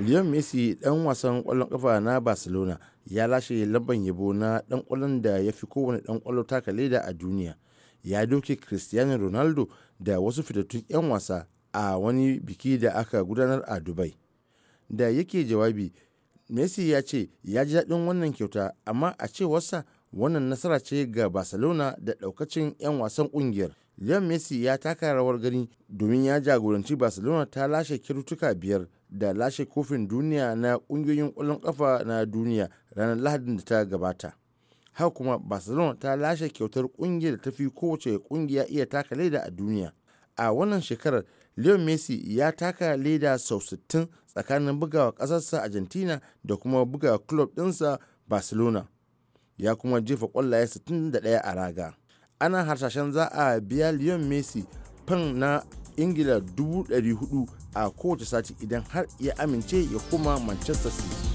lion Messi ɗan wasan ƙwallon ƙafa na Barcelona ya lashe lamban yabo na dan kwallon da ya fi kowane ɗan kwallo taka leda a duniya. Ya doke Cristiano Ronaldo da wasu fitattun 'yan wasa a wani biki da aka gudanar a Dubai. Da yake jawabi, Messi ya ce ya ji daɗin wannan kyauta amma a cewarsa wannan nasara ce ga barcelona da daukacin 'yan wasan kungiyar Lionel Messi ya taka rawar gani domin ya jagoranci Barcelona ta lashe kirtuka biyar da lashe kofin duniya na kungiyoyin kwallon ƙafa na duniya ranar Lahadin da ta gabata. Haka kuma Barcelona ta lashe kyautar kungiyar da ta fi kowace kungiya iya taka leda a duniya. A wannan shekarar Lionel Messi ya taka leda sau 60 tsakanin bugawa ƙasarsa Argentina da kuma bugawa club ɗinsa Barcelona. ya kuma jefa kwallaye 61 a raga ana harsashen za a biya leon Messi fan na Ingila 400 a kowace sati idan har ya amince ya koma Manchester City.